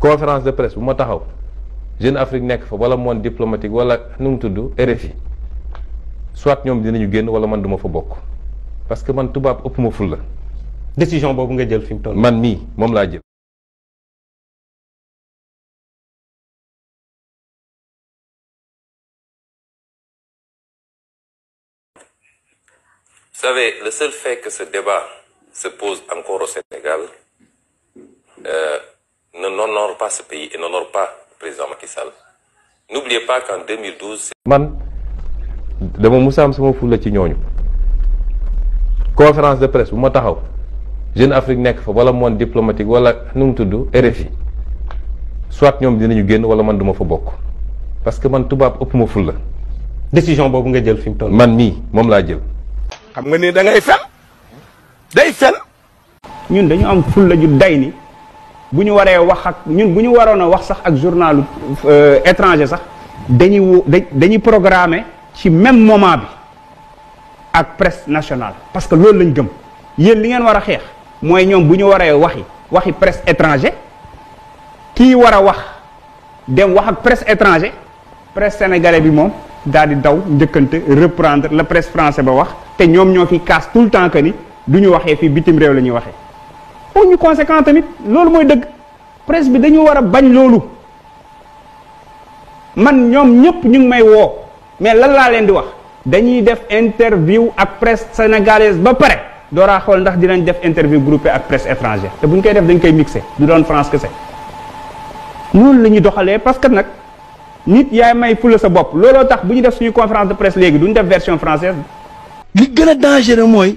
conférence de presse bu ma Jeune Afrique wala monde diplomatique wala RFI soit nous dinañu wala man duma fa parce que man tubaab ëpp décision nga Vous savez, le seul fait que ce débat se pose encore au Sénégal euh, ne n'honore pas ce pays et n'honore pas le président Macky Sall. N'oubliez pas qu'en 2012... Man, je suis am sama conférence de presse bu ma Jeune Afrique nekk fa wala monde diplomatique wala nous tout RFI soit nous dinañu wala man parce que man suis décision nga day fen ñun dañu am fulla ju day ni bu ñu wax ak ñun buñu ñu wax sax ak euh étranger sax dañuy dañuy programmer ci même moment bi ak presse nationale parce que loolu lañ gëm yéen li ngeen wara a xeex mooy ñoom bu ñu waree waxi waxi presse étranger kii war a wax dem wax ak presse étranger presse sénégalais bi moom daal di daw njëkkante reprendre la presse français ba wax te ñoom ñoo fi casse tout le temps que ni duñu waxee fii bitim réew la ñuy waxee ñu conséquent tamit loolu mooy dëgg presse bi dañu a bañ loolu man ñoom ñëpp ñu ngi may woo mais lan leen di wax dañuy def interview ak presse sénégalaise ba pare def interview groupé ak presse étrangère te bu koy def dañ koy mixé du doon France kese la ñuy parce que nag nit yaay may fula sa bopp tax def suñu conférence de presse def version française li gën dangereux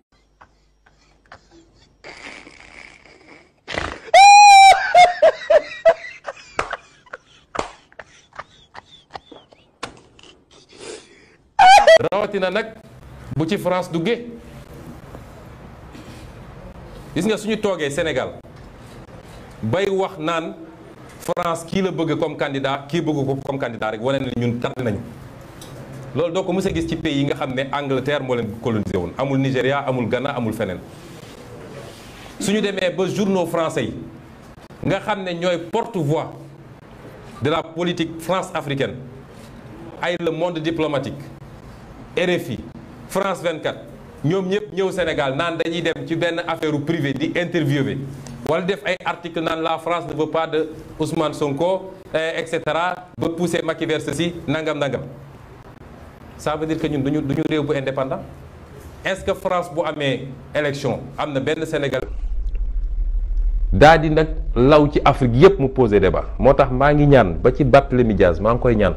rawatina nak bu ci France duggee gis nga suñu togué Sénégal bay wax nan France ki la bëgg comme candidat ki bëgg ko comme candidat rek woné né ñun tardé nañ lool doo ko mës gis ci pays yi nga xamné Angleterre mo leen colonisé won amul nigeria amul Ghana amul fenen suñu démé ba journaux français nga xamné ñoy porte-voix de la politique France africaine ay le monde diplomatique RFI France 24 ñoom ñëpp au Sénégal naan dañuy dem ci benn affaire privé di interviewé wala def ay article dans la France ne veut pas de Ousmane Sonko euh, et cetera ba pousser Macky vers ceci nangam nangam ça veut dire que ñun duñu nous réew bu indépendant est-ce que France bu amee élection am na benn Sénégal. là où nag law ci Afrique yépp mu posé débat moo tax maa ngi ñaan ba ci Barthélémy Dias maa ngi koy ñaan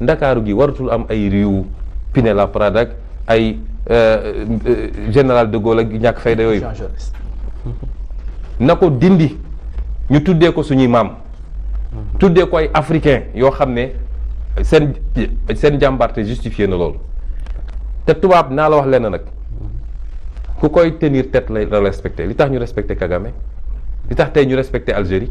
ndakaaru gi waratul am ay réew Pinella Prada ak ay euh, général de Gaulle ak ñàkk fayda yooyu na ko dindi ñu tuddee ko suñuy maam tuddee ko ay africain yoo xam ne seen seen jàmbarte justifié na loolu te tubaab naa la wax lenn nag ku koy tenir tête la respecté li tax ñu respecté Kagame li tax tey ñu respecté Algérie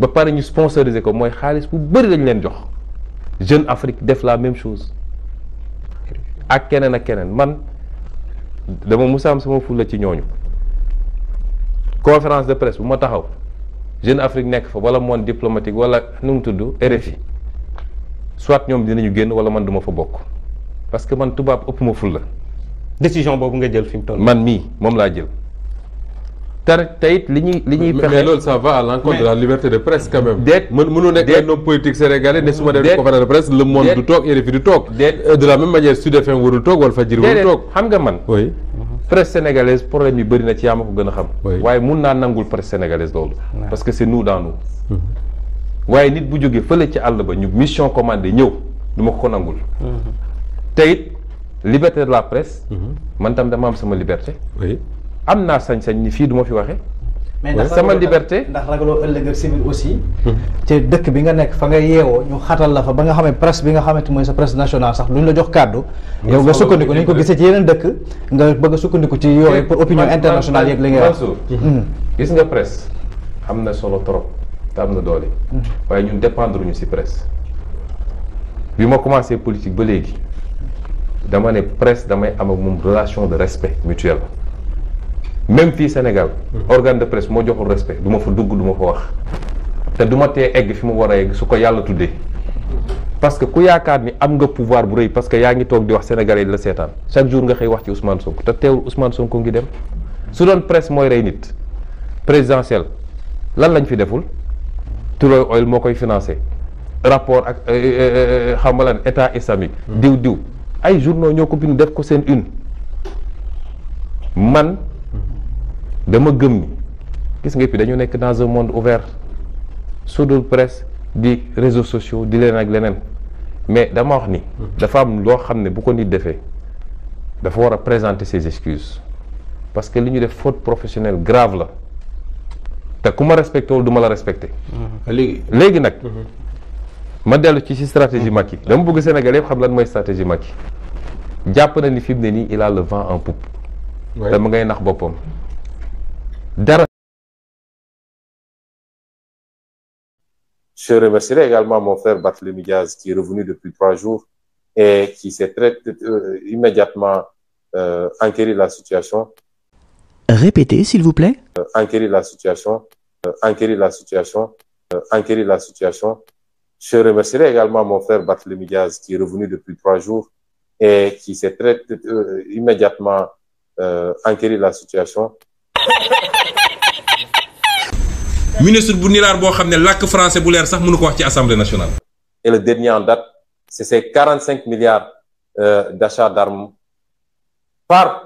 ba pare ñu sponsoriser ko mooy xaalis bu bëri lañ leen jox Jeune Afrique def la même chose ak keneen ak keneen man dama musaam sama fulla ci ñooñu conférence de presse bu ma taxaw Jeune Afrique nekk fa wala monde diplomatique wala nu mu tudd RFI soit ñoom dinañu génn wala man duma fa bokk parce que man tubaab ëpp ma fulla décision boobu nga jël fi mu toll man mii moom laa jël mais lol, ça va à l'encontre de la liberté de presse quand même. déet mën mënu nekk ay homme politique sénégalais ne su pas defee conférence de presse le monde du et RFI du talk. déet euh, de la même manière Sud FM warul toog Walfadjri warul toog. xam nga man. oui. presse sénégalaise problème yi bëri na ci yaa ma ko gën Oui. xam. waaye mun naa nangul presse sénégalaise loolu. parce que c'est nous dans nous. Mhm. waaye nit bu jógee fële ci àll ba ñu mission commandée nous du ma ko ko nangul. Mhm. liberté de la presse. Mhm. man tam dama am sama liberté. am naa sañ-sañ ni fii du ma fi waxee. mais ndax sama liberté ndax ragaloo ëllëg ak aussi. ci hmm. dëkk bi nga nekk fa nga yeewoo ñu xatal la fa ba nga xam ne presse bi nga xamante mooy sa presse nationale sax duñ la jox kàddu. yow nga sukkandiku ni ko gisee ci yeneen dëkk nga bëgg a sukkandiku ci yooyu pour opinion internationale yeeg li ngay wax. Hmm. gis nga presse am na solo trop te am na doole. Hmm. waaye ñun dépendre ñu si presse. bi ma commencé politique ba léegi dama ne presse damay am ak moom relation de respect mutuel. même fi Sénégal organe de presse mo joxul respect du fa dugg du fa wax te du té egg fi mu wara egg su ko yàlla parce que ku yaakaar ni am nga pouvoir bu reuy parce que yaa ngi toog di wax sénégalais de la seetaan chaque jour nga xey wax ci Ousmane Sonko te teewul Ousmane Sonko ngi dem su doon presse mooy rey nit présidentiel lan lañ fi deful Tullow Oil moo koy financé rapport ak euh, euh, euh, xam nga lan état islamique hmm. diw diw ay journaux ñoo ko bind def ko seen une man dama gëm ni gis nga fi dañu nekk dans un monde ouvert sous le presse di réseaux sociaux di leneen ak leneen mais dama wax ni. dafa am loo xam ne bu ko nit defee dafa war a présenter ses excuses parce que li ñu def faute professionnelle grave la te ku ma respecté wul du ma la respecté. Ah, léegi léegi nag. Mhm. ma dellu ci si stratégie mhm. Macky dama bëgg Sénégal yëpp xam lan mooy stratégie Macky jàpp na ni fi mu ne nii il a le vent en poupe. dama ngay nax boppam. Je remercierai également mon frère Barthélémy Diaz qui est revenu depuis trois jours et qui s'est très euh, immédiatement euh, enquérir la situation. Répétez, s'il vous plaît. Euh, enquérir la situation. Euh, enquérir la situation. enquérir la situation. Je remercierai également mon frère Barthélémy Diaz qui est revenu depuis trois jours et qui s'est très immédiatement enquérir la situation. ministre français assemblée nationale. et le dernier en date c'est ces 45 milliards euh, d'achats d'armes par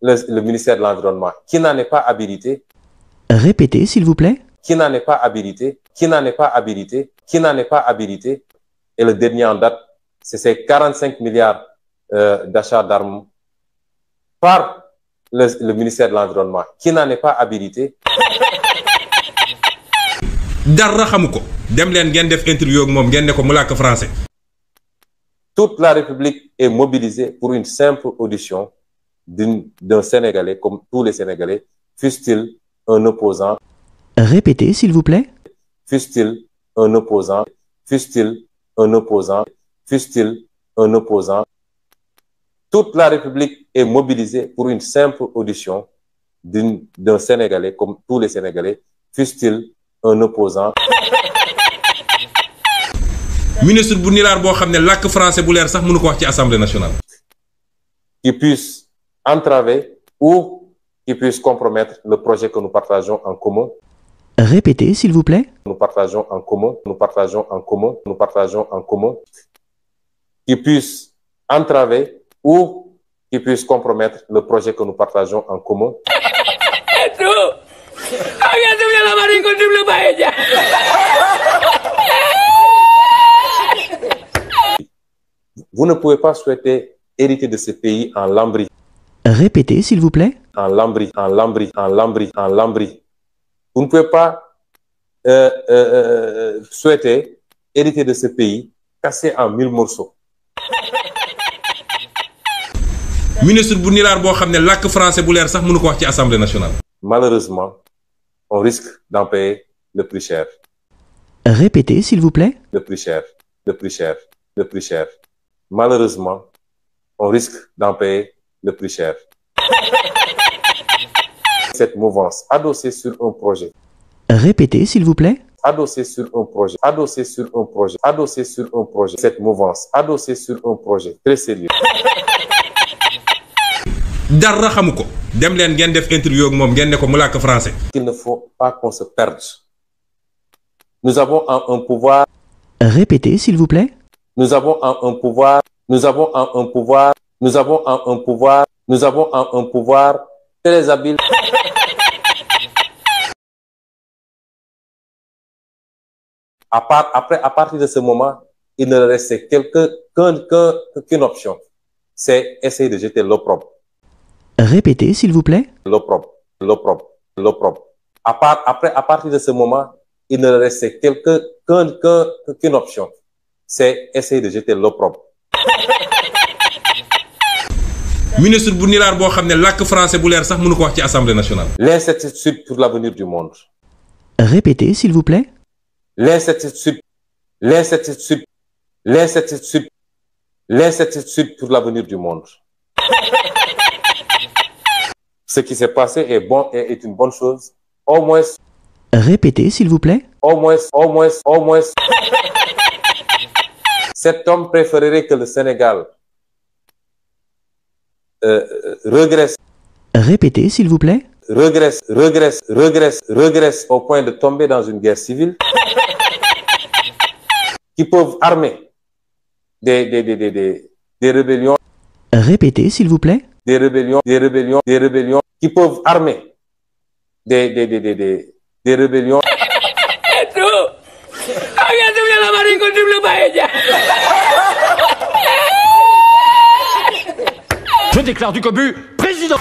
le, ministère de l'environnement qui n'en est pas habilité. Répétez s'il vous plaît. qui n'en est pas habilité, qui n'en est pas habilité, qui n'en est pas habilité. Et le dernier en date, c'est ces 45 milliards euh, d'achats d'armes par le, ministère de l'Environnement, qui n'en est pas habilité. toute la République est mobilisée pour une simple audition d'un Sénégalais comme tous les Sénégalais, fût-il un opposant. Répétez, s'il vous plaît. Fût-il un opposant, fût-il un opposant, fût-il un opposant toute la République est mobilisée pour une simple audition d'un Sénégalais, comme tous les Sénégalais, fût-il un opposant. ministre français nationale. qui puisse entraver ou qui puisse compromettre le projet que nous partageons en commun. Répétez, s'il vous plaît. Nous partageons en commun, nous partageons en commun, nous partageons en commun. Qui puisse entraver ou qui puisse compromettre le projet que nous partageons en commun. Vous ne pouvez pas souhaiter hériter de ce pays en lambris. Répétez, s'il vous plaît. En lambris, en lambris, en lambris, en lambris. Vous ne pouvez pas souhaiter hériter de ce pays cassé en mille morceaux ministre nationale. malheureusement on risque d'en payer le plus cher. répétez s'il vous plaît. le plus cher le plus cher le plus cher malheureusement on risque d'en payer le plus cher. cette mouvance adossée sur un projet. répétez s'il vous plaît. Adossée sur un projet, Adossée sur un projet, adossé sur un projet. Cette mouvance, adossée sur un projet très sérieux. il ne faut pas qu'on se perde. nous avons un, pouvoir. répétez s'il vous plaît. nous avons un, pouvoir. nous avons un, pouvoir. nous avons un pouvoir. nous avons un pouvoir très habile. à part après à partir de ce moment il ne restait qu'une option c'est essayer de jeter l'opprobre Répétez, s'il vous plaît. L'eau propre, l'eau propre, l'eau propre. À, part, après, à partir de ce moment, il ne restait qu'une option. C'est essayer de jeter l'eau propre. ministre français sax mënu ko assemblée nationale. l'incertitude pour l'avenir du monde. répétez s'il vous plaît. l'incertitude l'incertitude l'incertitude l'incertitude pour l'avenir du monde ce qui s'est passé est bon est une bonne chose. Au moins. Répétez, s'il vous plaît. Au moins, au moins, au moins. Cet homme préférerait que le Sénégal euh, euh, regresse. Répétez, s'il vous plaît. Regresse, regresse, regresse, regresse au point de tomber dans une guerre civile qui peuvent armer des, des, des rébellions. Répétez, s'il vous plaît. Des rébellions, des rébellions, des rébellions qui peuvent armer des, des, des, des, des, des rébellions. Ah, Je déclare du cobu président.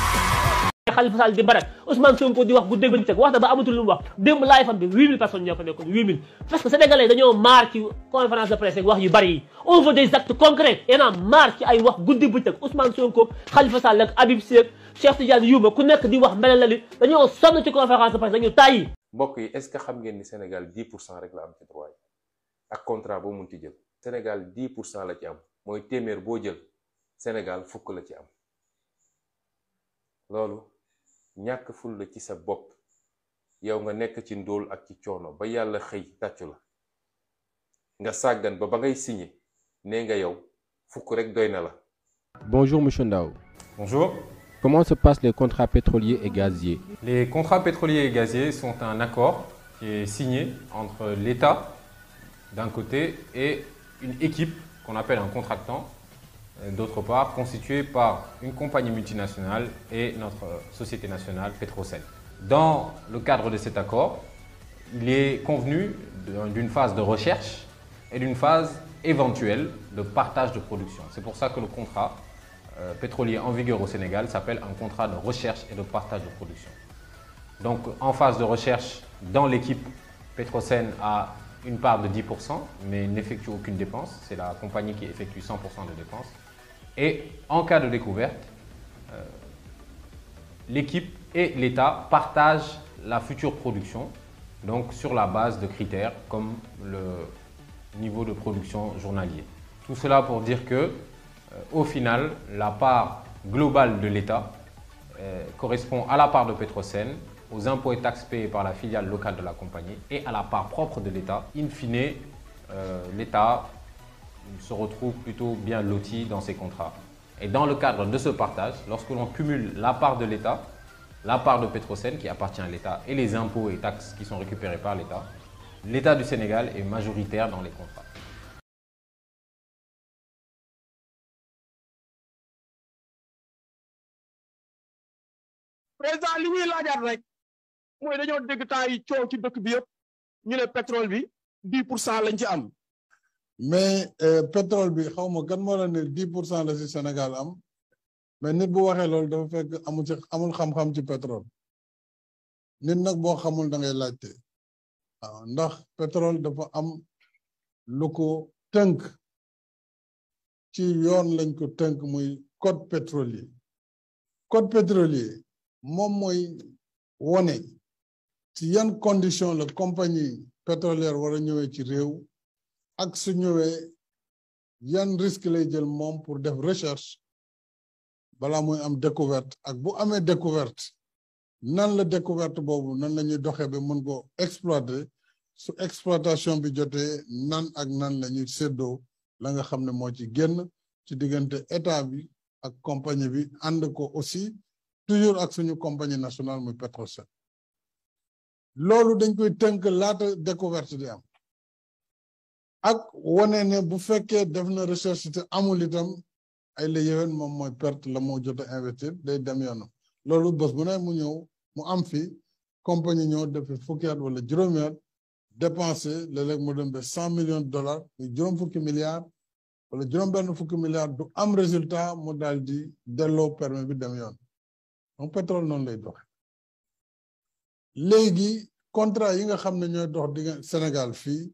te Khalifa Sall di barak Ousmane Sonko di wax guddi ak bëccëg wax da ba amatul lu mu wax démb live am bi 8000 personnes ñoo fa nekkoon 8000 parce que sénégalais dañoo maar ci conférence de presse ak wax yu bari yi on veut des actes concrets yéen a maar ci ay wax guddi bëccëg Ousmane Sonko Khalifa Sall ak Habib Sy ak Cheikh Tidiane Youma ku nekk di wax mbele la li dañoo sonn ci conférence de presse dañu tàyyi mbokk yi est ce que xam ngeen ni Sénégal 10 pour cent rek la am ci droit yi ak contrat boo mun ti jël Sénégal 10 pour cent la ci am mooy téeméer boo jël Sénégal fukk la ci am loolu ñàkk ful la ci sa bopp yow nga nekk ci ndóol ak ci coono ba yàlla xëy tàccu la nga sàggan ba ba ngay signé ne nga yow fukk rek doy na la. Bonjour monsieur Ndao. Bonjour. Comment se passent les contrats pétroliers et gaziers Les contrats pétroliers et gaziers sont un accord qui est signé entre l'État d'un côté et une équipe qu'on appelle un contractant euh, d'autre part constitué par une compagnie multinationale et notre société nationale Petrocel. Dans le cadre de cet accord, il est convenu d'une phase de recherche et d'une phase éventuelle de partage de production. C'est pour ça que le contrat euh, pétrolier en vigueur au Sénégal s'appelle un contrat de recherche et de partage de production. Donc en phase de recherche, dans l'équipe, Petrocène a une part de 10%, mais n'effectue aucune dépense. C'est la compagnie qui effectue 100% de dépenses. Et en cas de découverte, euh, l'équipe et l'État partagent la future production, donc sur la base de critères comme le niveau de production journalier. Tout cela pour dire que, euh, au final, la part globale de l'État euh, correspond à la part de Petrosen, aux impôts et taxes payés par la filiale locale de la compagnie et à la part propre de l'État. In fine, l'État se retrouve plutôt bien loti dans ces contrats. Et dans le cadre de ce partage, lorsque l'on cumule la part de l'État, la part de Pétrocène qui appartient à l'État et les impôts et taxes qui sont récupérés par l'État, l'État du Sénégal est majoritaire dans les contrats. président rek pétrole 10 mais euh, pétrole bi xaw ma kan moo la ne dix pour cent la si senegal am mais nit bu waxee loolu dafa fekk amul ci amul xam-xam ci pétrole nit nag boo xamul da ngay laajte ndax pétrole dafa am lu ko tënk ci yoon lañ ko tënk muy code pétrolier code pétrolier moom mooy wone ci yan condition la compagnie pétrolière war a ñëwee ci réew ak su ñëwee yan risque lay jël moom pour def recherche balaa mooy am découverte ak bu amee découverte nan la découverte boobu nan la ñuy doxee ba mën ko exploiter su exploitation bi jotee nan ak nan la ñuy séddoo la nga xam ne moo ci génn ci diggante état bi ak compagnie bi ànd ko aussi toujours ak suñu compagnie nationale muy Petrosen loolu dañ koy tënk laata découverte di am ak wane ne bu fekkee def na recherche te amul itam ay la moom mooy perte la moo jot a investir day dem loolu bés bu mu ñëw mu am fi compagnie ñëw depuis fukki wala juróomi at dépensé léeg-léeg mu dem ba cent millions de dollars muy juróom fukki milliards wala juróom benn fukki milliards du am résultat mu daal di delloo permis bi dem yoon donc pétrole noonu lay doxe léegi contrat yi nga xam ne ñooy dox di Sénégal fii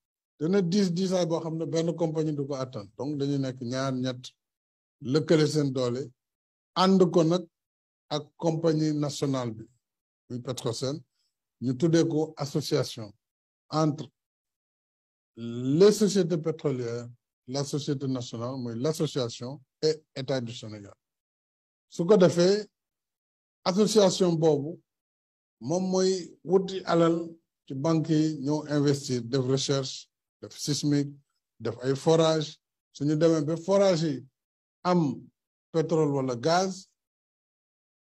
dana 10 diisaay bo xam ben compagnie du ko attendre donc dañu nek ñaar ñet est seen doole and ko nak ak compagnie nationale bi muy Petrosen ñu tuddé ko association entre les sociétés pétrolières la société nationale moy l'association et État du Sénégal su ko defee association bobu mom moy wuti alal ci banque ñoo investir de recherche def sismique def ay forage suñu demee ba forage yi am pétrole wala gaz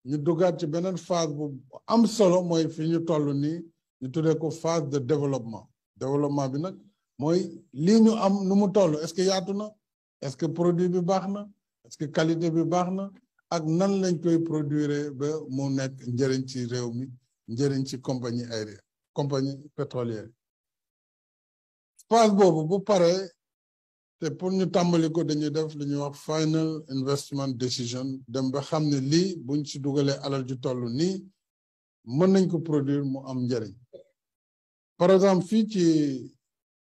ñu dugaat ci beneen phase bu am solo mooy fi ñu toll nii ñu tuddee ko phase de développement développement bi nag mooy lii ñu am nu mu toll est-ce que yaatu na est-ce que produit bi baax na est-ce que qualité bi baax na ak nan lañ koy produire ba mu nekk njëriñ ci réew mi njëriñ ci compagnie aérienne compagnie pétrolière phase boobu bu pare te pour ñu tàmbali ko dañuy def li ñuy wax final investment décision dem ba xam ne lii buñ ci dugalee alal ju toll nii mën nañ ko produire mu am njëriñ par exemple fii ci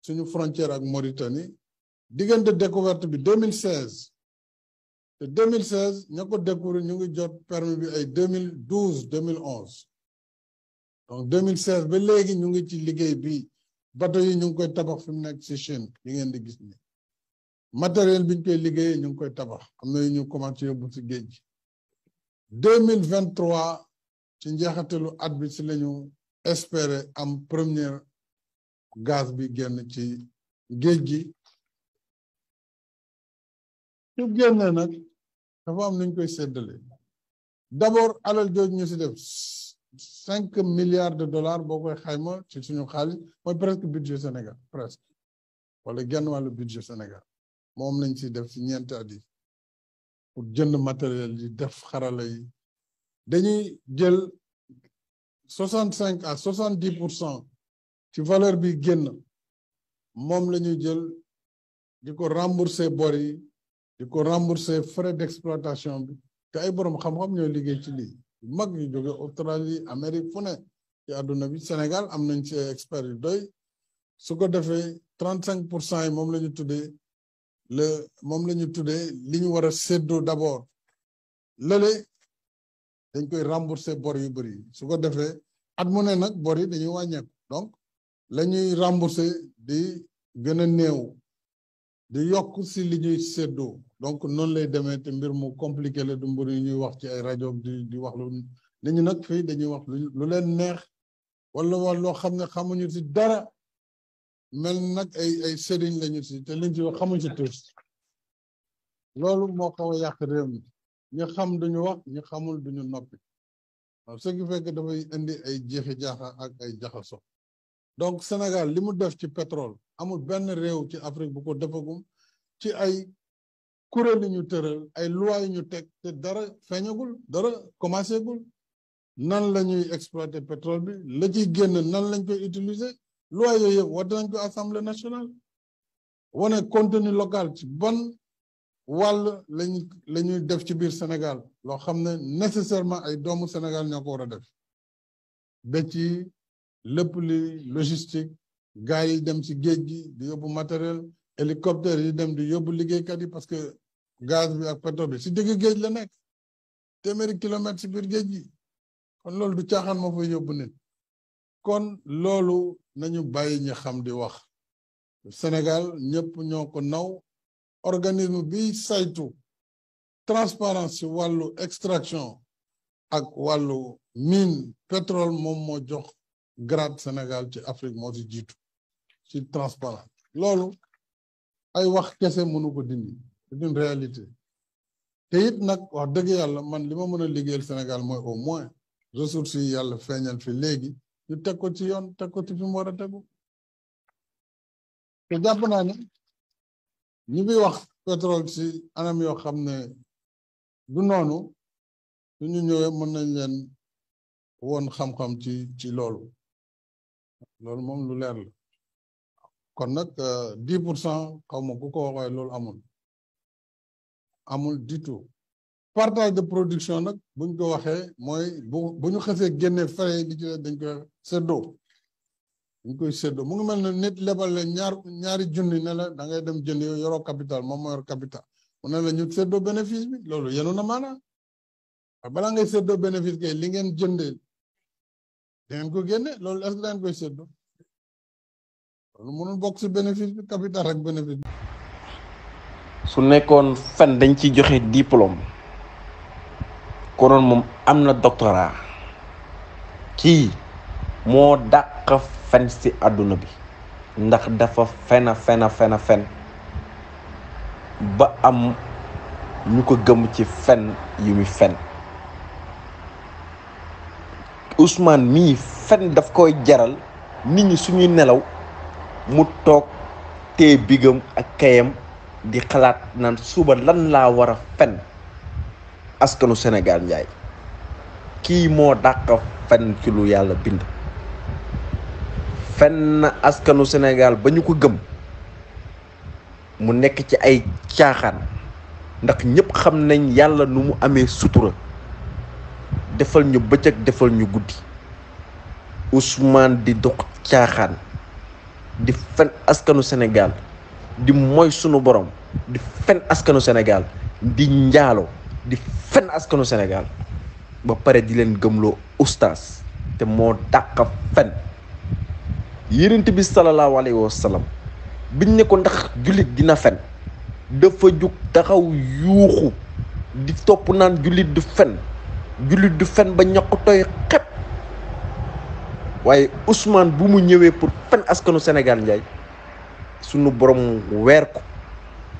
suñu frontière ak Mauritanie diggante découverte bi 2016 te 2016 ña ko découvrir ñu ngi jot permis bi ay mille 2012 2011 donc 2016 ba léegi ñu ngi ci liggéey bi bateau yi ñu ngi koy tabax fi mu nekk ci Chine yi ngeen di gis ni matériel biñ ñu koy liggéeyee ñu ngi koy tabax am na yu ñu commencé yóbbu ci géej gi deux mille vingt trois ci njeexatalu at lañu espérer am première gaz bi génn ci géej gi su génnee nag dafa am nu ñu koy séddale d'abord alal jooju ñu si def cinq milliards de dollars boo koy xayma ci suñu xaalis mooy presque budget Sénégal presque wala genn wàllu budget Sénégal moom lañ ci def ci ñeenti at yi pour jënd matériel yi def xarala yi dañuy jël soixante cinq à soixante pour cent ci valeur bi génn moom la ñuy jël di ko rembourser bor yi di ko rembourser frais d'exploitation bi te ay borom xam-xam ñooy liggéey ci lii mag yu jóge Australie Amérique fu ne ci àdduna bi Sénégal am nañ ci expert yu doy su ko defee trente cinq pour cent yi moom la tuddee le moom la ñu tuddee li ñu war a séddoo d'abord lële dañ koy rembourser bor yu bëri su ko defee at mu ne nag bor yi dañuy wàññeeku donc la ñuy rembourser di gën a néew di yokk si li ñuy séddoo donc noonu lay demee te mbir mu compliqué la du mbir ñuy wax ci ay rajo di di wax lu nit nag fii dañuy wax lu leen neex wala wax loo xam ne xamuñu ci dara mel nag ay ay lañu si te liñ ci wax xamuñ ci tuus loolu moo xaw a yàq réew ñi xam duñu wax ñi xamul duñu noppi waaw ce qui fait que dafay indi ay jeexi jaaxa ak ay jaxaso donc Sénégal li mu def ci pétrole amul benn réew ci Afrique bu ko defagum ci ay kuréel yi ñu tëral ay loi yu ñu teg te dara feeñagul dara commencé gul nan la ñuy exploiter pétrole bi la génn nan lañ koy utiliser loi yooyu yëpp war nañ ko assemblée nationale wane contenu local ci ban wàll lañ la ñuy def ci biir Sénégal loo xam ne nécessairement ay doomu Sénégal ñoo ko war a def ba ci lépp li logistique gars yi dem ci géej gi di yóbbu matériel hélicoptère yi dem di yóbbu liggéeykat yi parce que gaz bi ak pétrole bi si digg géej la nekk téeméeri kilomètre si biir géej gi kon loolu du caaxaan moo fay yóbbu nit kon loolu nañu bàyyi ñi xam di wax Sénégal ñëpp ñoo naw organisme bi saytu transparence si wàllu extraction ak wàllu mine pétrole moom moo jox grade Sénégal ci Afrique moo si jiitu ci transparence loolu ay wax kese mënu ko dindi réalité te it nag wax dëgg yàlla man li ma mën a liggéeyal Sénégal mooy au moins ressources yi yàlla feeñal fi léegi ñu teg ko ci yoon teg ko ci fi mu war a tegu te jàpp naa ni ñu ngi wax pétrole ci anam yoo xam ne du noonu su ñu ñëwee mën nañ leen woon xam-xam ci ci loolu loolu moom lu leer la kon nag euh, dix pour cent kaw ma ku ko waxee loolu amul amul du tout partage de production nag buñ ko waxee mooy bu bu ñu xasee génne frais li ci dañ koy séddoo koy séddoo mu ngi mel ne nit lebal le ñaar ñaari junni ne la dem jënd yoroo capital moom moo yor capital mu ne la bénéfice bi loolu yenu na maanaam balaa ngay séddoo bénéfice kay li ngeen jëndee da ko génne loolu est-ce que da koy séddoo lu mënul su nekkoon fen dañ ci joxe diplôme konoon moom am na doctorat kii moo dàq fen ci àdduna bi ndax dafa fena fena fena ba am ñu ko gëm ci fen yu muy fen Ousmane mii fen daf koy jaral nit ñi suñuy nelaw mu toog tee bigam ak kayam di xalaat naan suba lan la war a fen askanu Sénégal njaay kii moo dàq fen ci lu yàlla bind fenn askanu senegaal ba ñu ko gëm mu nekk ci ay caaxaan ndax ñépp xam nañ yàlla nu mu amee sutura defal ñu bëccëg defal ñu guddi Ousmane di duq caaxaan di fen askanu senegaal di mooy sunu boroom di fen askanu senegaal di njaaloo di fen askanu senegaal ba pare di leen gëmloo ustaas te moo dàq fen yonent bi sallallahu alayhi wa sallam biñ ne ko ndax jullit dina fen dafa jug taxaw yuuxu di topp naan jullit du fen jullit du fen ba ñaq tooy xepp waye Ousmane bu mu ñëwé pour fan askanu Sénégal njaay sunu borom wër ko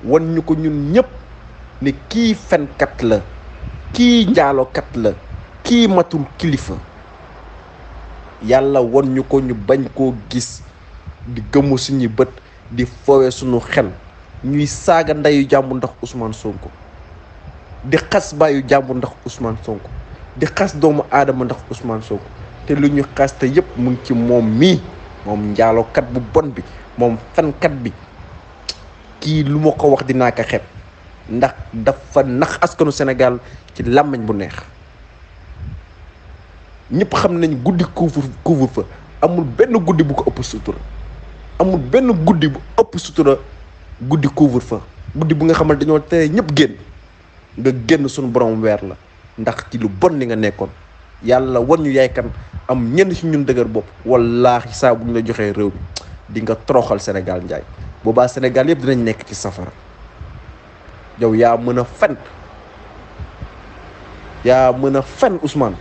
won ñuko ñun ñëpp ne kii kat la kii kat la ki matul kilifa yalla won ñuko ñu bañ ko gis di gëmu suñu bëtt di fowé suñu xel ñuy saga ndayu jàmbu ndax Ousmane Sonko di xass bayu jàmbu ndax Ousmane Sonko di xass doomu adam ndax Ousmane Sonko te luñu ñu yep yépp mu ngi ci mi mom moom kat bu bon bi fan kat bi ki luma ko wax dina ka xeb ndax dafa nax askanu sénégal ci lamagne bu neex ñëpp xam nañ guddi couvre couvre fa amul benn guddi bu ko upp sutura amul benn guddi bu upp sutura guddi couvre fa guddi bu nga xamal dañoo tere ñëpp genn nga genn suñu borom weer la ndax ci lu bon ni nga nekkoon Yalla won ñu yaay kan am ñen ci ñun deugar bop wallahi sa buñ la joxe rew mi di nga toroxal Sénégal njaay ba senegal yeb dinañ nek ci safara yow ya mëna fan ya mëna fan a Ousmane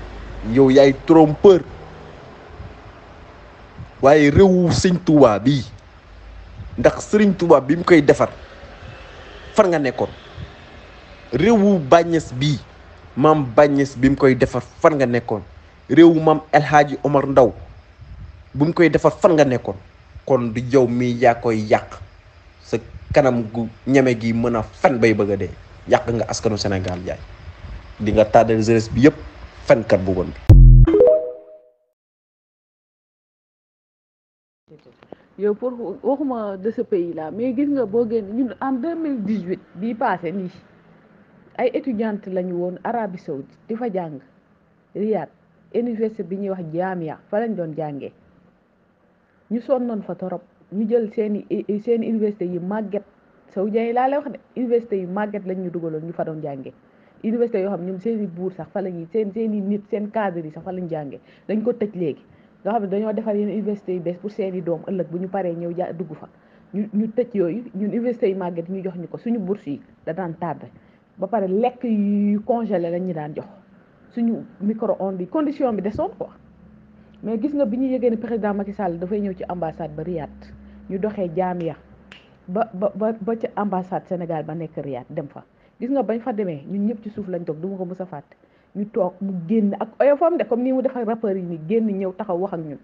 yow yaay trompeur waye rew Touba bi ndax Touba bi mu koy defar far nga nekkon bagnes bi maam Bañes bi mu koy defar fan nga nekkoon réew maam El Hadji Omar Ndaw bu mu koy defar fan nga nekkoon kon du jaw mi yaa koy yàq sa kanam gu ñeme gi mën a fen bay bëgg a dee yàq nga askanu Sénégal jaay di nga tàddal jeunesse bi yëpp fenkat bu bon bi. yow pour waxuma de ce pays là mais gis nga boo génn ñun en deux mille dix nii. ay étudiante lañu woon Arabie Saoudite di fa jàng Riyad université bi ñuy wax ya fa lañ doon jàngee ñu sonnoon fa torop ñu jël seeni seeni université yu màgget saoudien yi laa lay wax de yu màgget lañ ñu dugaloon ñu fa doon jàngee université yoo xam ñoom seeni buur sax fa lañuy seen seeni nit seen cadre yi sax fa lañ jàngee dañ ko tëj léegi nga xam ne dañoo defar yenn université yi bees pour seeni doom ëllëg bu ñu paree ñëw ja dugg fa ñu ñu tëj yooyu ñun université yu màgget ñu jox ñu ko suñu bourse yi da daan tardé ba pare lekk yu congelé lañ ñu daan jox suñu micro-ondes yi condition bi desoon quoi mais gis nga bi ñu yëgee ne président Macky Sall dafay ñëw ci ambassade ba Riyad ñu doxee jaam ya ba ba ba ca ambassade Sénégal ba nekk Riyad dem fa gis nga bañ fa demee ñun ñëpp ci suuf lañ toog du ma ko mës a fàtte ñu toog mu génn ak oyofam de comme ni mu def ak rappeurs yi ni génn ñëw taxaw wax ak ñun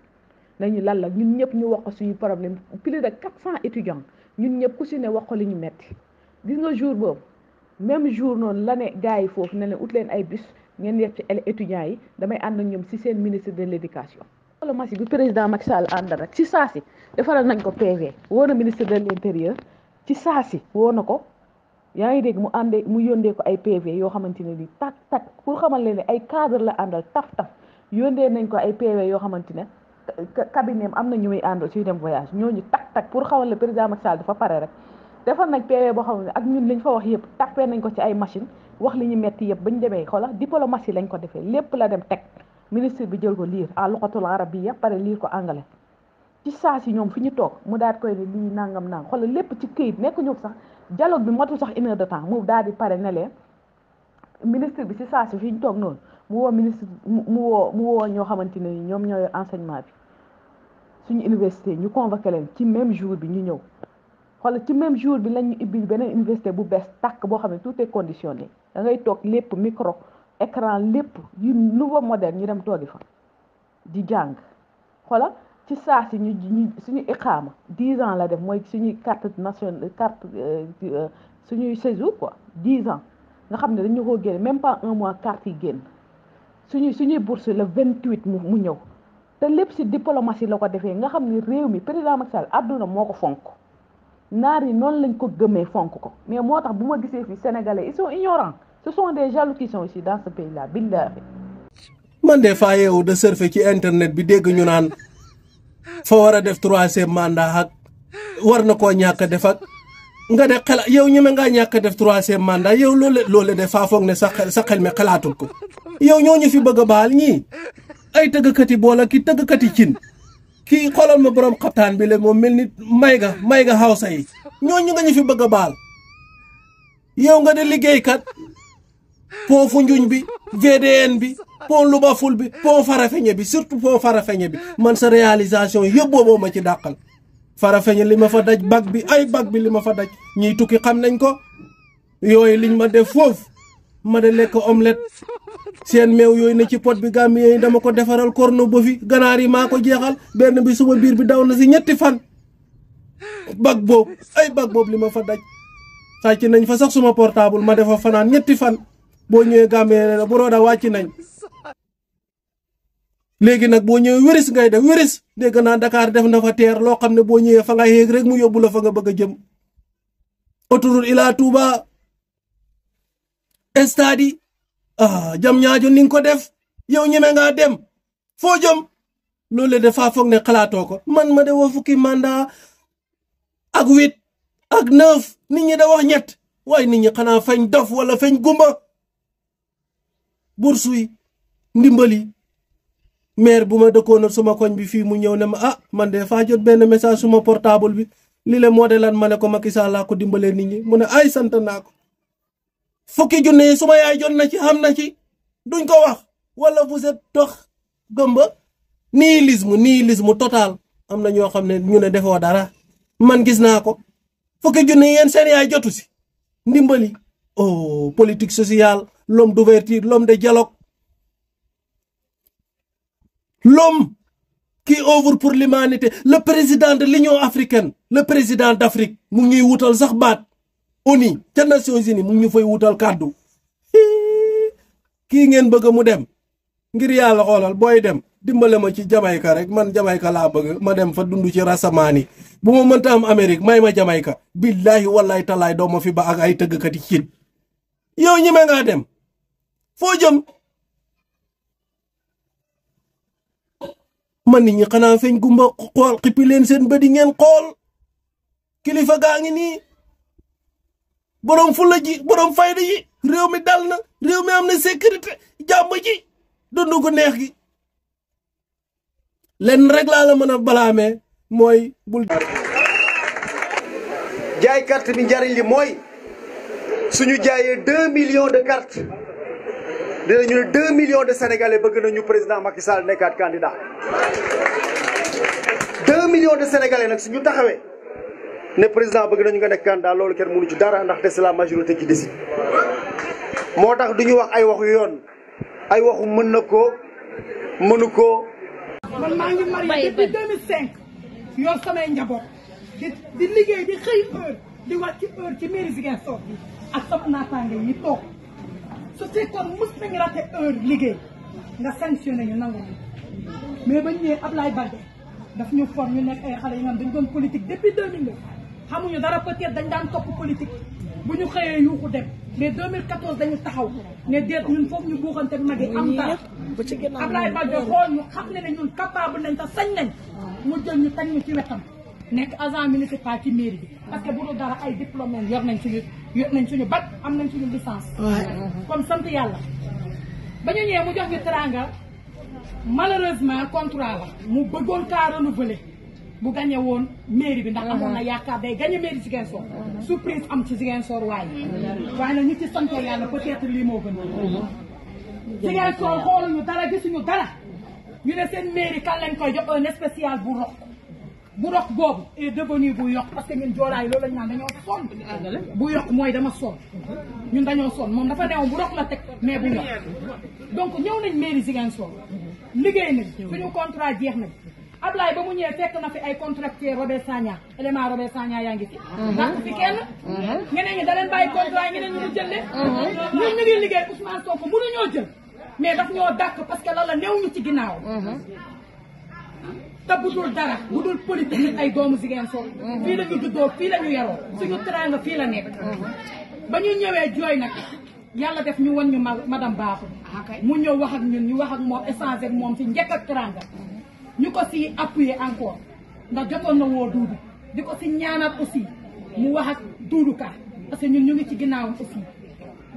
nañu lan la ñun ñëpp ñu wax ko suñu problème plus de 400 étudiants ñun ñëpp ku si ne wax ko li ñu metti gis nga jour boobu même jour noonu la ne gars yi foofu ne leen ut leen ay bus ngeen yeb ci étudiants yi damay ànd ak ñoom si seen ministre de l' éducation. loolu masi président Macky Sall àndal rek ci saa si defaral nañ ko PV woo na ministre de l' intérieur ci saa si woo na ko yaa ngi dégg mu àndee mu yóndee ko ay PV yoo xamante ne nii tak tak pour xamal leen ne ay cadre la àndal taf taf yóndee nañ ko ay PV yoo xamante ne cabinet am na ñu muy àndal suy dem voyage ñooñu tak tak pour xamal le président Macky Sall dafa pare rek. defal nañ PV boo xam ne ak ñun liñ fa wax yëpp tapé nañ ko ci ay machine wax li ñu metti yëpp bañ demee xoola diplomatie lañ ko defee lépp la dem teg ministre bi jël ko liir à luqatul arabiyya pare liir ko anglais ci saa si ñoom fi ñu toog mu daal koy ne lii nangam nang xoola lépp ci këyit nekk ñu sax dialogue bi motul sax une de temps mu daal di pare ne leen ministre bi ci saa si ñu toog noonu mu woo ministre mu woo mu woo ñoo xamante ne ñoom ñooy enseignement bi suñu université ñu convoqué ci même jour bi ñu ñëw xoolal ci même jour bi lañu ubbi beneen université bu bees tàkk boo xam ne tout est conditionné da ngay toog lépp micro écran lépp yu nouveau modèle ñu dem toogi fa di jàng xoolal ci saa si ñu suñu iqaama dix ans la def mooy suñu carte nationale euh, carte euh, euh, suñu séjour quoi dix ans nga xam ne dañu ko génne même pas un mois carte yi génn suñu suñuy bourse le vingt huit mu mu ñëw te lépp si diplomatie la ko defee nga xam ne réew mi président Macky Sall àdduna moo ko fonk naar yi noonu lañ ko gëmee fonk ko mais moo tax bu ma gisee fi sénégalais ils sont si ce sont des jaloux qui sont ici dans ce pays là billahi man de faa yeewu da surfe ci internet bi dégg ñu naan fa war a def troisième mandat ak war na koo ñàkk a def ak nga de xalaat yow ñeme ngaa ñàkk a def troisième mandat yow loole loole de faa foog ne sa xel sa xel mi xalaatul ko yow ñoo ñu fi bëgg a baal ñii ay tëggkati bool ki i tëggkati cin kii xoolal ma borom xabtaan bi léegi moom mel ni may ga may nga xawsa yi ñooñu nga ñu fi bëgg a baal yow nga de liggéeykat pont Foundiougne bi VDN bi pont Lubaful bi pont Farafeñe bi surtout pont Farafeñe bi man sa réalisation yëpp booboo ma ci daqal Farafeñe li ma fa daj bag bi ay bag bi li ma fa daj ñiy tukki xam nañ ko yooyu liñ ma def foofu ma da lekk omelette seen meew yooyu ne ci pot bi gàmm yooyu dama ko defaral korno ba fi ganaar yi maa ko jeexal benn bi suma biir bi daw na si ñetti fan bag boobu ay bag boob li ma fa daj sàcc nañ fa sax suma portable ma defa fanaan ñetti fan boo ñëwee gàmm yooyu ne bu rooda wàcc nañ léegi nag boo ñëwee wéris ngay def wéris dégg naa Dakar def na fa teer loo xam ne boo ñëwee fa nga yéeg rek mu yóbbu la fa nga bëgg a jëm autoroute ila Touba stade yi ah, jam ñaajo ni ko def yow ñeme ngaa dem foo jom loolu dafa foog ne xalaatoo ko man ma de woo fukki mandat ak wit ak neuf nit ñi da wax ñett waaye nit ñi xanaa fañ dof wala fañ gumba bourse yi ndimbali maire bu ma dëkkoon suma koñ bi fii mu ñëw ne ma ah man de faa jot benn message suma portable bi lii le moo de lan ma ne ko Macky Sall laa ko dimbalee nit ñi mu ne ay sant naa ko fukki junne suma yaay jot na ci xam na ci duñ ko wax wala vous êtes dox gëmba nihilisme nihilisme total am na ñoo xam ne ñu ne defoo dara man gis naa ko fukki junne yéen seen yaay jotu si ndimbali oh politique sociale lom d'ouverture l'homme de dialogue l'homme qui œuvre pour l'humanité le président li l'union africaine le président d'Afrique mu ngi wutal sax baat uni ca Nations Unies mu ñu fay wutal cadeau ki ngeen bëgg mu dem ngir yalla xolal boy dem dimbalé ma ci Jamaïca rek man Jamaïca la bëgg ma dem fa dundu ci rasamani bu ma mënta am amerique may ma Jamaïca billahi wallahi talaay do ma fi ba ak ay tëggkat kat ci yow ñi me dem fo jëm man ni ñi xana feñ gumba xol xipi leen seen ngeen xol kilifa gaangi ni borom fulla ji borom fayda yi rew mi dal na réew mi amna sécurité jamm ji dundu ko neex gi len rek la la meuna blamé moy bul jay carte bi jariñ li moy suñu jaayee 2 millions de cartes de ñu 2 millions de sénégalais bëgg nañu président Macky Sall nekkat candidat 2 millions de sénégalais nak suñu taxawé ne président bëgg nañu nga nekk candidat loolu kenn mënu ci dara ndax c'est la majorité qui décide moo tax du ñu wax ay waxu yoon ay waxu mën na ko mënu ko. man maa ngi marié depuis 2005 yor samay njaboot di di liggéey di xëy heure di wàcc ci heure ci mairie Ziguinchor bi ak sama naataange yi toog su fekkoon mës nañu raté heure liggéey nga sanctionné ñu nangu mais bañ ñëwee Ablaye Balde daf ñu form ñu nekk xale yi nga xam doon xamuñu dara peut dañ daan topp politique bu ñu xëyee yuuxu dem mais 2014 dañu taxaw ne déet ñun foofu ñu buuxante mag yi am dara Ablaye Badio xool ñu xam ne ne ñun capable nañ te sañ nañ mu jël ñu tañ ñu ci wetam nekk agent municipal ci mairie bi parce que bu dul dara ay diplôme yor nañ suñu yor nañ suñu bac am nañ suñu licence comme sant yàlla ba ñu ñëwee mu jox ñu teranga malheureusement contrat la mu bëggoon kaa renouveler bu gagné woon mairie bi ndax amoon na yaakaar day gagné mairie Ziguinchor surprise am ci Ziguinchor waaye waaye nag ñu ci sant yàlla peut-être lii moo gën Ziguinchor xooluñu dara gisuñu dara ñu ne seen mairie kan lañ koy jox un spécial bu rox bu rox boobu est devenu bu yokk parce que ñun joolaay loolu lañ naan dañoo sonn bu yokk mooy dama sonn ñun dañoo sonn moom dafa newoon bu rox la teg mais bu yokk donc ñëw nañ mairie Ziguinchor liggéey nañ suñu contrat jeex nañ Ablaye ba mu ñëwee fekk na fi ay contracté Robert Sagna élément Robert Sagna yaa ngi fi. ndax mhm. fi kenn. Mhm. ñeneen ñi da leen bàyyi contrat ñeneen ñi ñu jël leen. ñun ñu ngi liggéey Ousmane Sonko mënuñoo jël. mais daf ñoo dàq parce que lala néew ñu ci ginnaaw. Mhm. te bu dul dara bu dul politique ay doomu jigéen soog. fii la ñu juddoo fii la ñu yaroo suñu teraanga fii la nekk. ba ñu ñëwee jooy nag yàlla def ñu wan ñu madame Baaxum. Ah, mu ñëw wax ak ñun ñu wax ak moom échanger moom ci njëkk ak ñu ko si appuyer encore nga jotoon na woo Doudou di ko si ñaanal aussi mu wax ak Doudou Ka parce que ñun ñu ngi ci ginnaawam aussi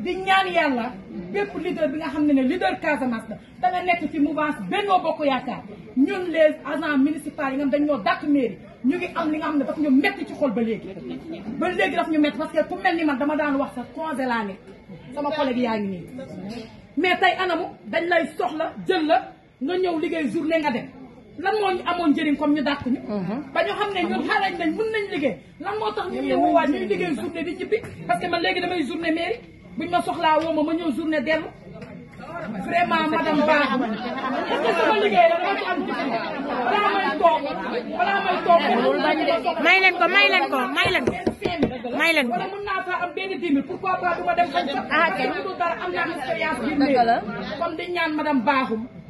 di ñaan yàlla bépp leader bi nga xam ne ne leader Casamance la da nga nekk ci mouvance Benno Bokk Yaakaar ñun les agents municipaux yi nga dañ ñoo dàq ñu ngi am li nga xam ne daf ñu ci xol ba léegi ba léegi daf ñu métti parce que ku mel man dama daan wax sax congé laa nekk sama collègue yaa ngi nii mais tey anamu dañ lay soxla jël la nga ñëw liggéey journée nga dem lan moo ñu amoon njëriñ comme ñu dàq ñu. Mhm. ba ñu xam ne ñun xarañ nañ mun nañ liggéey lan moo tax ñu yeewoo waa ñuy liggéey journée di ñibbi parce que man léegi damay journée mairie buñ ma soxlaa woo ma ma ñëw journée dellu vraiment madame Ba parce que sama liggéey la dama ci am jikko balaa may toog balaa may toog. may leen ko may leen ko may leen ko. may leen wala mën naa faa am benn dix mille pourquoi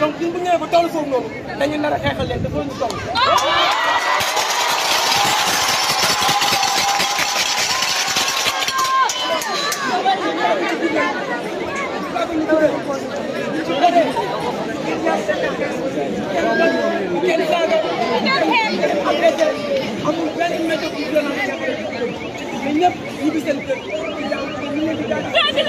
donc ñun bu ñu ñëwee ba toll foofu noonu dañu nar a xeexal leen dafa ñu toll. ñëpp ñu ngi seen kër ñu ngi leen di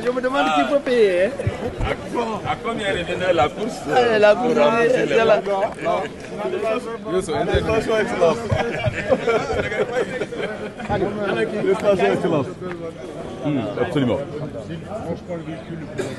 je me demande qui peut payer. À, hein. à, combien la course ah, La course, c'est là la... Non. est là. est là. Absolument. je prends le véhicule.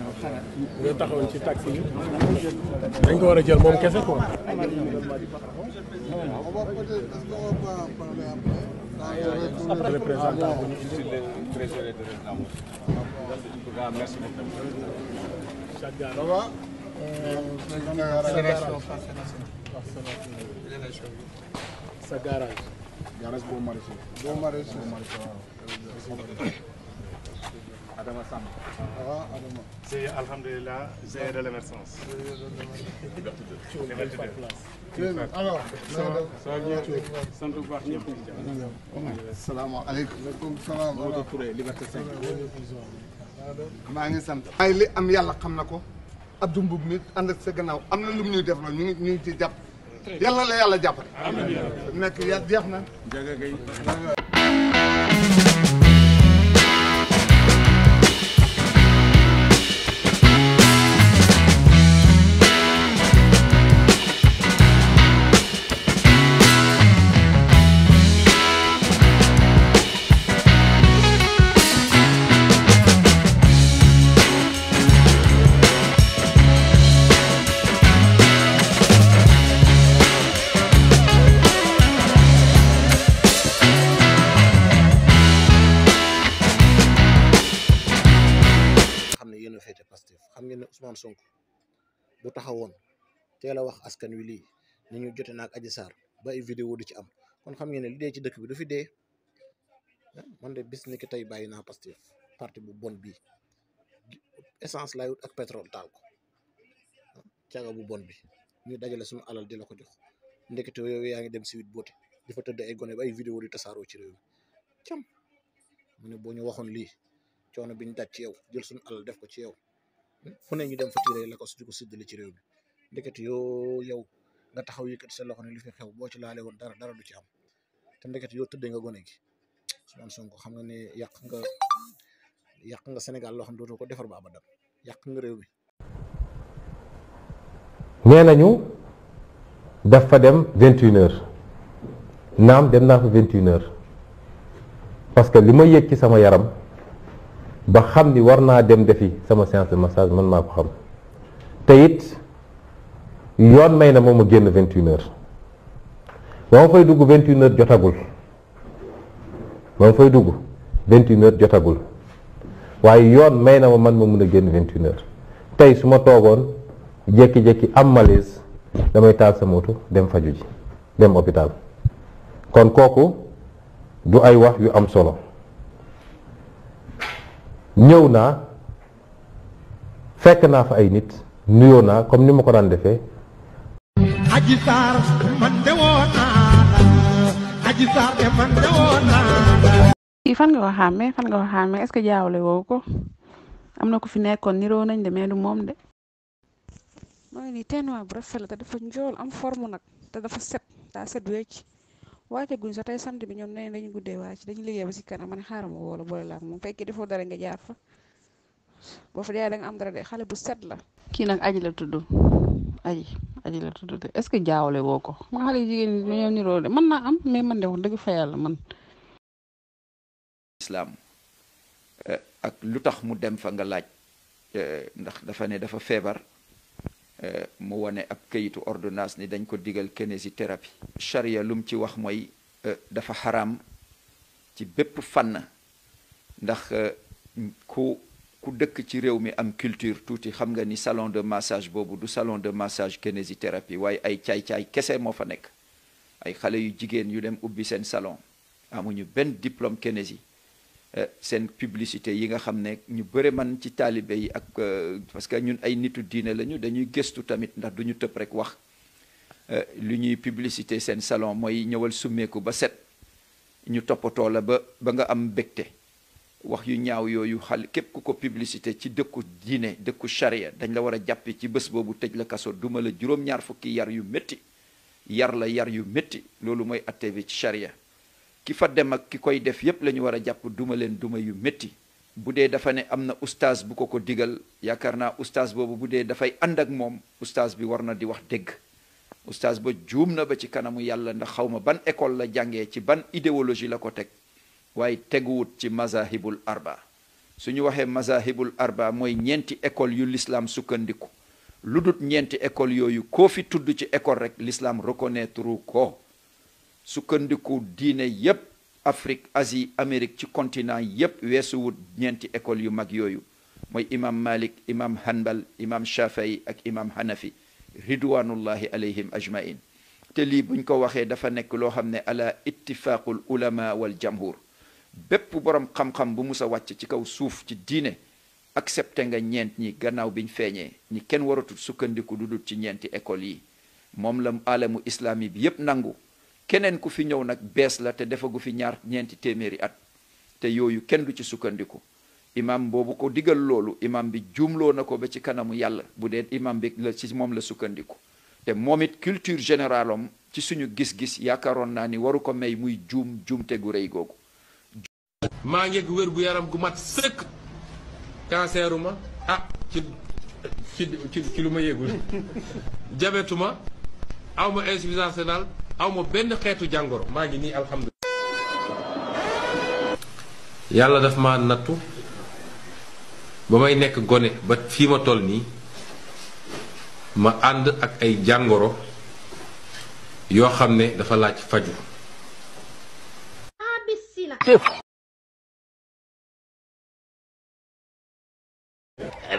ñu taxawoon ci taxi yi dañ ko war a jël moom kese quoi. après représentant bu ñu indi le trésorier de réclame. merci beaucoup. sa garage. garage boo maraîcher. boo maraîcher. Adama Sam. Ah, Adama. C'est Alhamdulillah, j'ai de l'émergence. Alors, salam alaikum. Salam alaikum. maa ngi sant. waaye li am yàlla xam na ko Abdou Mboub mi ànd ak sa gannaaw am na lu mu ñuy def loolu ñu ngi ñu ngi ci jàpp yàlla la yàlla jàppale. nekk ya jeex na. teel a wax askan wi lii ni ñu jote naag Adji saar ba ay vidéo di ci am kon xam ngeen ne li ci dëkk bi du fi dee man de bis ni ki tey bàyyi naa Pastef parti bu bon bii essence laay ak pétrole taal ko caga bu bon bi ñu dajale suñu alal di la ko jox ndekete yooyu yaa ngi dem si wit boote dafa tëdd ay gone ba ay vidéo di tasaaroo ci réew mi cam mu ne boo ñu waxoon lii coono bi ñu daj ci yow jël suñu alal def ko ci yow hm? fu ne ñu dem fa tiiree la ko su di ko ci réew mi ndeket yoo yow nga taxaw yëkkati sa loxo ne li fi xew boo ci laale woon dara dara du ci am te ndeket yoo tëddee nga gone gi Ousmane Sonko xam nga ne yàq nga yàq nga Sénégal loo xam dootoo ko defar ba abadan yàq nga réew mi. nee nañu fa dem vingt une heures naam dem naa fa vingt une heures parce que li ma yëg ci sama yaram ba xam ni war naa dem defi sama séance de massage man maa ko xam te yoon may na moom ma génn vingt une ba ma fay dugg vingt une jotagul ba ma fay dugg vingt une jotagul waaye yoon may na ma man ma mun a génn vingt une tey su ma toogoon jékki-jékki am malaise damay taal sa moto dem faju ji dem hôpital kon kooku du ay wax yu am solo ñëw naa fekk naa fa ay nit nuyoo naa comme ni ma ko daan defee aji saar man de woon naa la aji saar de man ko xàmmee que jaawle woo ko am na ku fi nekkoon niroo nañ de mais du moom de. mooy ni teenuwaay bu rafet la te dafa njool am forme nag te dafa set daa set wecc waate guñ sa tey samedi bi ñoom nee dañu guddee waa ci dañu liggéey ba si kanam ma ne xaaral ma woo la boole la ak moom fekkee defoo dara nga jaar fa boo fa jaaree da am dara de xale bu set la. kii nag aji la tudd. aji aji la tudd est-ce que jaawale woo ko ma xale jigéen ñi dañoo niroo de mën naa am mais man de wax dëgg man islaam eh, ak lu tax mu dem fa nga laaj eh, ndax dafa ne dafa feebar eh, mu wane ab kayitu ordonnance ni dañ ko digal kinésithérapie charia lum ci wax mooy dafa xaram ci bépp fànn ndax ku ku dëkk ci réew mi am culture tuuti xam nga ni salon de massage boobu du salon de massage kinésithérapie waaye ay caay-caay kese moo fa nekk ay xale yu jigéen yu dem ubbi seen salon amuñu benn diplôme kinési eh, seen publicité yi nga xam ne ñu bëri man ci taalibe yi ak eh, parce que ñun ay nitu diine lañu dañuy gëstu tamit ndax du ñu tëb rek wax eh, lu ñuy publicité seen salon mooy ñëwal summeeku ba set ñu toppatoo la ba ba nga am mbégte wax yu ñaaw yooyu xal képp ku ko publicité ci dëkku diine dëkku charia dañ la war a jàppe ci bés boobu tëj la kaso duma la juróom-ñaar fukki yar yu métti yar la yar yu métti loolu mooy atte bi ci charia ki fa dem ak ki koy def yépp la ñu war a jàpp duma leen duma yu métti bu dee dafa ne am na oustaz bu ko ko digal yaakaar naa oustaz boobu bu dee dafay ànd ak moom oustaz bi war na di wax dégg oustaz ba juum na ba ci kanamu yàlla ndax xaw ma ban école la jàngee ci ban idéologie la ko teg way teguwut ci mazahibul arba suñu waxe mazahibul arba moy ñenti école yu l'islam sukkandiku ludut ñenti école yoyu ko fi tudd ci école rek l'islam reconnaître ko sukkandiku diine yépp Afrique Asie Amérique ci continent yépp weesuwut ñenti école yu mag yoyu moy imam Malik imam Hanbal imam Shafii ak imam Hanafi ridwanullahi alayhim ajmain te li buñ ko waxe dafa nek lo xamne ala ittifaqul ulama wal jamhur bépp borom xam-xam bu mus a wàcc ci kaw suuf ci diine accepté nga ñeent ñi gannaaw biñ feeñee ñi kenn waratul sukkandiku lu dul ci ñeenti école yi moom la alamu islami bi yépp nangu keneen ku fi ñëw nag bees la te defagu fi ñaar ñeenti téeméeri at te yooyu kenn du ci sukkandiku imam boobu ko digal loolu imam bi juumloo na ko ba ci kanamu yàlla bu dee imam bi la ci moom la sukkandiku te moom culture générale ci suñu gis-gis yaakaaroon naa ni waru ko may muy juum juumte gu rëy googu maa ngi wér gu yaram gu mat sëkk kanseeruma ah ci lu ma yëgul jabetuma aw ma insuffisance rénale aw ma benn xeetu jàngoro maa ngi nii alhamdulilah yàlla daf ma nattu ba may nekk gone ba fima ma toll nii ma ànd ak ay jàngoro yoo xam ne dafa laaj faju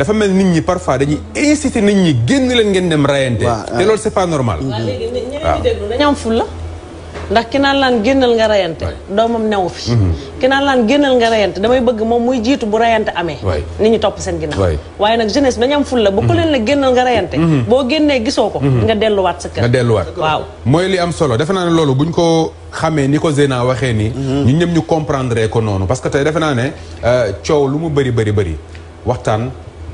dafa mel nit ñi parfois dañuy inciter nit ñi génn leen ngeen dem rayante te loolu c'est pas normal waaw fulla ndax ki naan laan génnal nga rayante doomam newu fi mhm. ki naan laan génnal nga rayante damay bëgg moom muy jiitu bu rayante amee nit ñi topp seen ginnaaw waaye nag jeunesse bi dañu am fulla ba ku mhm. leen la génnal nga rayante mhm. boo génnee gisoo ko nga delluwaat sa kër nga delluwaat waaw mooy li am solo defe naa ne loolu ñu ko xamee ni ko Zeyna waxee ni ñu ñu comprendre ko noonu parce que tey defe ne euh, coow lu mu bëri bëri bëri waxtaan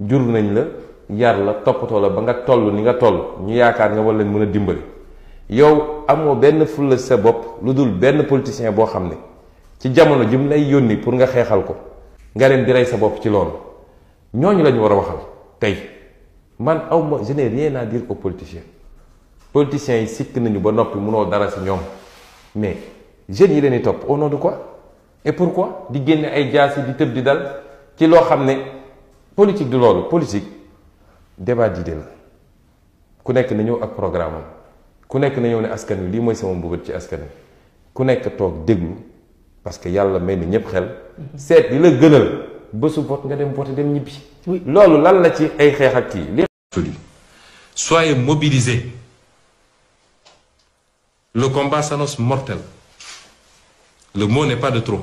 jur nañ la yar la toppatoo la ba nga toll ni nga toll ñu yaakaar nga war lañ mën a dimbali yow amoo benn fulla sa bopp lu dul benn politicien boo xam ne ci jamono ji mu lay yónni pour nga xeexal ko nga leen di rey sa bopp ci loolu ñooñu lañu war a waxal tey man awma je n'ai rien à dire aux politiciens politiciens yi sikk nañu ba noppi munoo dara si ñoom mais jeunes yi leen topp au nom de quoi et pourquoi di génne ay jaas yi di tëb di dal ci loo xam ne politique de loolu politique débat d'idée la ku nekk na ñëw ak programme am ku nekk na ñëw ne askan wi lii sama mbëbët ci askan ku nekk toog déglu parce que yàlla may na ñëpp xel seet li la gënal bésu vote nga dem vote dem ñibbi. loolu lan la ci ay xeex ak kii li soyez mobilisés le combat s'annonce mortel le mot n'est pas de trop.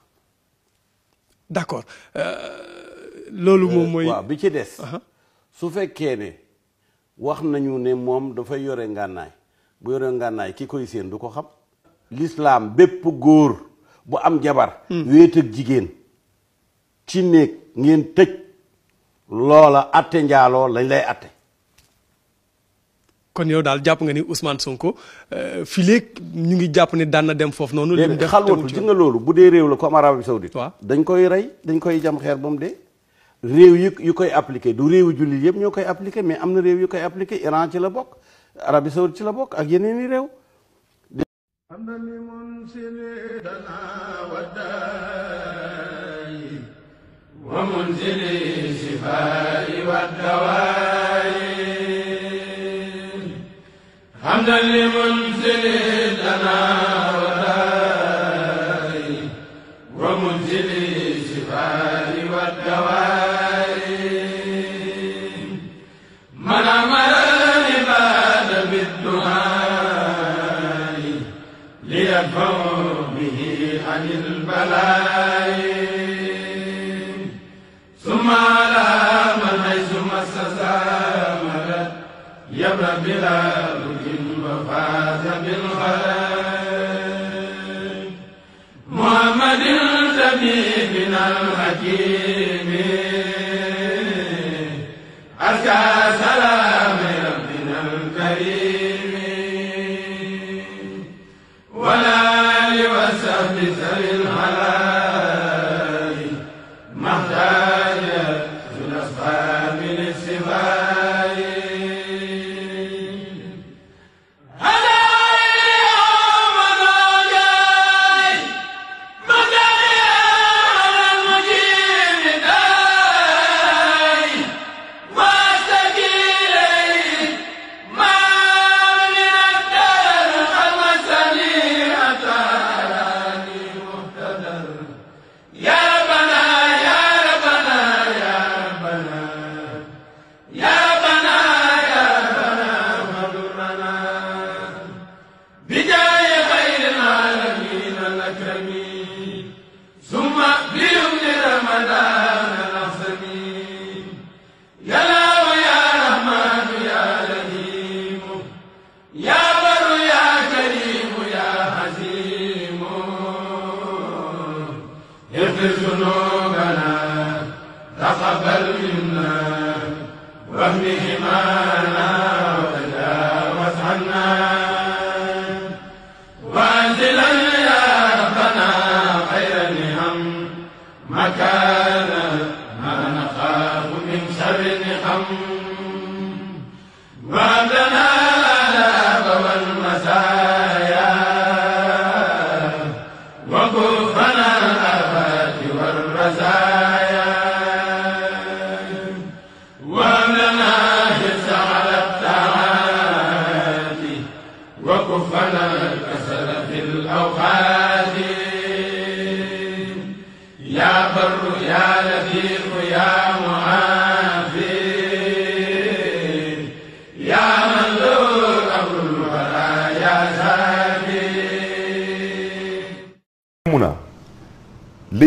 d' accord euh, loolu moom euh, mooy bi ci des su fekkee ne wax nañu ne moom dafay yore ngànnaay bu yore ngànnaay ki koy séen du ko xam lislaam bépp góor bu am jabar hmm. wéet ak jigéen ci néeg ngeen tëj loola atte njaaloo lañ lay atte kon yow daal jàpp nga ni Ousmane Sonko euh, fii léegi ñu ngi jàpp ni daan na dem foofu noonu. li mu def xalwatu ci nga loolu bu dee réew la comme Arabie Saoudite. waaw dañ koy rey dañ koy jam xeer ba mu réew yu koy appliqué du réewu jullit yëpp ñoo koy appliqué mais am na réew yu koy appliqué Iran ci la bokk Arabie Saoudite ci la bokk ak yeneen i réew. ومنزل الشفاء والدواء حمدا لمنزل لنا ودائي ومنزل الشفاء والدواء من امر العباد بالدعاء ليدفع به عن البلاء ثم على من حيث مسست مدد يبرأ بلا وفات بالخير محمد الطبيبنا الحكيم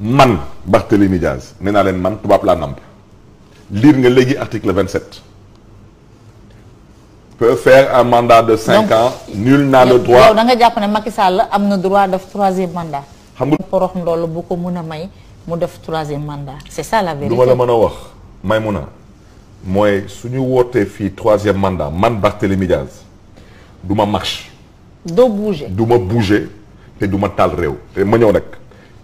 man Barthélémy Diaz nee naa man tubaab la namp lire nga léegi article 27 peut faire un mandat de cinq ans nul n'a le droit yow da nga jàpp ne Macky Sall am na droit def troisième mandat xam nga porox ndoll bu ko mën may mu def troisième mandat c'est ça la vérité lu ma la wax may mun a mooy suñu 3e troisième mandat man Barthélémy Diaz du marche Do bouger du bouger té du tal rew té ma ñew nak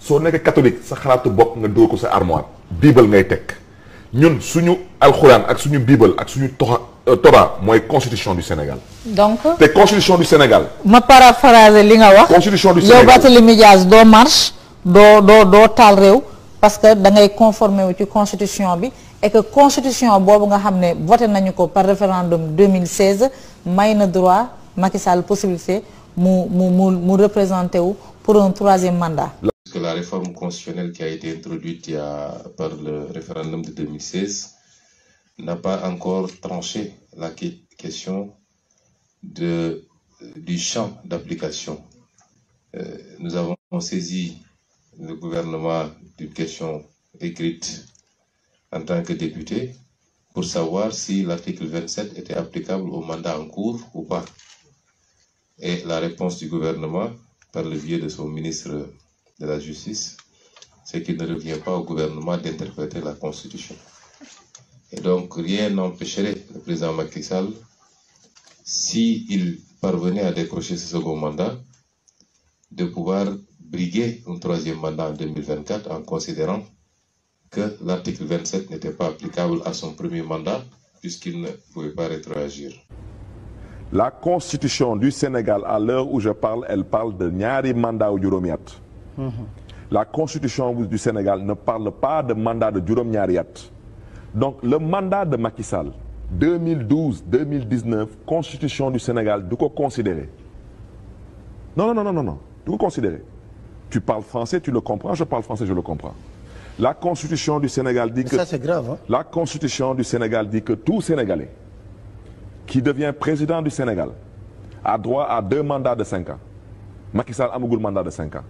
soo que catholique sa xalaatu bok nga dóor ko sa armoire bible ngay tek ñun suñu alcorane ak suñu bible ak suñu toxa euh, Torah mooy constitution du Sénégal. donc te constitution du Sénégal. ma paraphraser li nga wax. constitution du Sénégal yow Barthélémy Dias doo marche do do do tal rew parce que da ngay conformer wu ci constitution bi et que constitution bobu nga xamné voté nañu ko par référendum 2016 mayna droit Macky Sall possibilité mu mu mu représenter représenté wu pour un troisième mandat. Que la réforme constitutionnelle qui a été introduite par le référendum de 2016 n'a pas encore tranché la question du champ d'application. Euh, nous avons saisi le gouvernement d'une question écrite en tant que député pour savoir si l'article 27 était applicable au mandat en cours ou pas. Et la réponse du gouvernement par le biais de son ministre de la Justice, c'est qu'il ne revient pas au gouvernement d'interpréter la Constitution. Et donc, rien n'empêcherait le président Macky Sall, s'il parvenait à décrocher ce second mandat, de pouvoir briguer un troisième mandat en 2024 en considérant que l'article 27 n'était pas applicable à son premier mandat puisqu'il ne pouvait pas rétroagir la constitution du Sénégal à l'heure où je parle elle parle de nyari mandat ou « mhm. la constitution du Sénégal ne parle pas de mandat de juróom donc le mandat de Macky Sall 2012 2019 constitution du Sénégal du quoi considérer non non non non non du quoi considérer tu parles français tu le comprends je parle français je le comprends la constitution du Sénégal dit que ça c'est grave hein? la constitution du Sénégal dit que tout Sénégalais qui devient président du Sénégal, a droit à deux mandats de 5 ans. Macky Sall un mandat de 5 ans.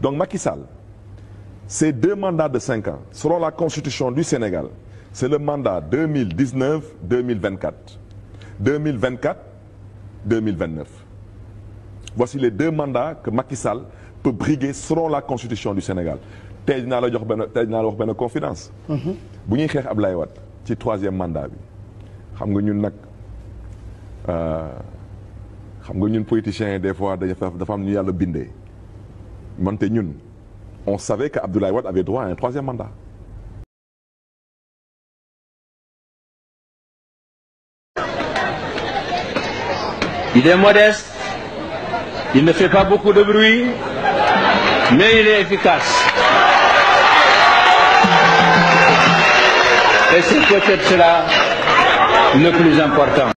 Donc Macky Sall, ces deux mandats de 5 ans, selon la constitution du Sénégal, c'est le mandat 2019-2024. 2024-2029. Voici les deux mandats que Macky Sall peut briguer selon la constitution du Sénégal. Tel dinaa la jox Vous tey dinaa la mm-hmm. troisième mandat xam nga ñun nag euh, xam nga ñun politiciens des fois dafa am ñu yàlla bindee man ñun on savait que Abdoulaye Wade avait droit à un troisième mandat. Il est modeste, il ne fait pas beaucoup de bruit, mais il est efficace. Et c'est peut-être cela le plus important.